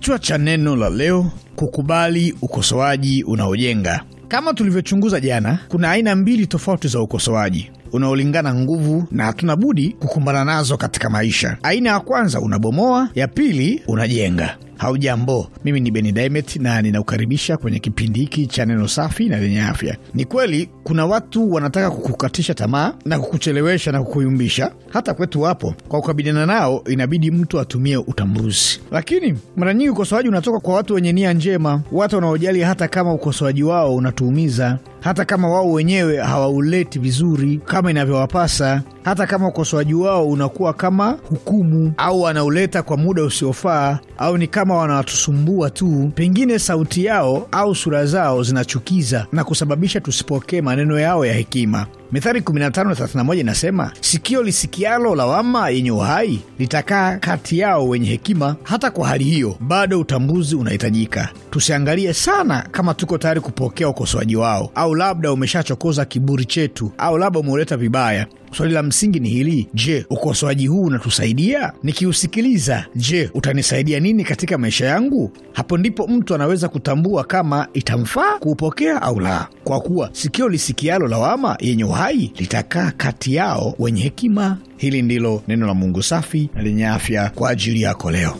Kichwa cha neno la leo: kukubali ukosoaji unaojenga. Kama tulivyochunguza jana, kuna aina mbili tofauti za ukosoaji unaolingana nguvu na hatuna budi kukumbana nazo katika maisha. Aina ya kwanza unabomoa, ya pili unajenga. Haujambo, mimi ni Beni Dimet na ninakukaribisha kwenye kipindi hiki cha neno safi na lenye afya. Ni kweli kuna watu wanataka kukukatisha tamaa na kukuchelewesha na kukuyumbisha, hata kwetu wapo. Kwa kukabiliana nao, inabidi mtu atumie utambuzi, lakini mara nyingi ukosoaji unatoka kwa watu wenye nia njema, watu wanaojali hata kama ukosoaji wao unatuumiza hata kama wao wenyewe hawauleti vizuri kama inavyowapasa, hata kama ukosoaji wao unakuwa kama hukumu au wanauleta kwa muda usiofaa au ni kama kama wanatusumbua tu, pengine sauti yao au sura zao zinachukiza na kusababisha tusipokee maneno yao ya hekima. Mithali 15:31 inasema, sikio lisikialo lawama yenye uhai litakaa kati yao wenye hekima. Hata kwa hali hiyo, bado utambuzi unahitajika. Tusiangalie sana kama tuko tayari kupokea ukosoaji wao, au labda umeshachokoza kiburi chetu, au labda umeuleta vibaya. Swali la msingi ni hili: je, ukosoaji huu unatusaidia? Nikiusikiliza, je, utanisaidia nini katika maisha yangu? Hapo ndipo mtu anaweza kutambua kama itamfaa kuupokea au la, kwa kuwa sikio lisikialo lawama yenye uhai hai litakaa kati yao wenye hekima. Hili ndilo neno la Mungu safi na lenye afya kwa ajili yako leo.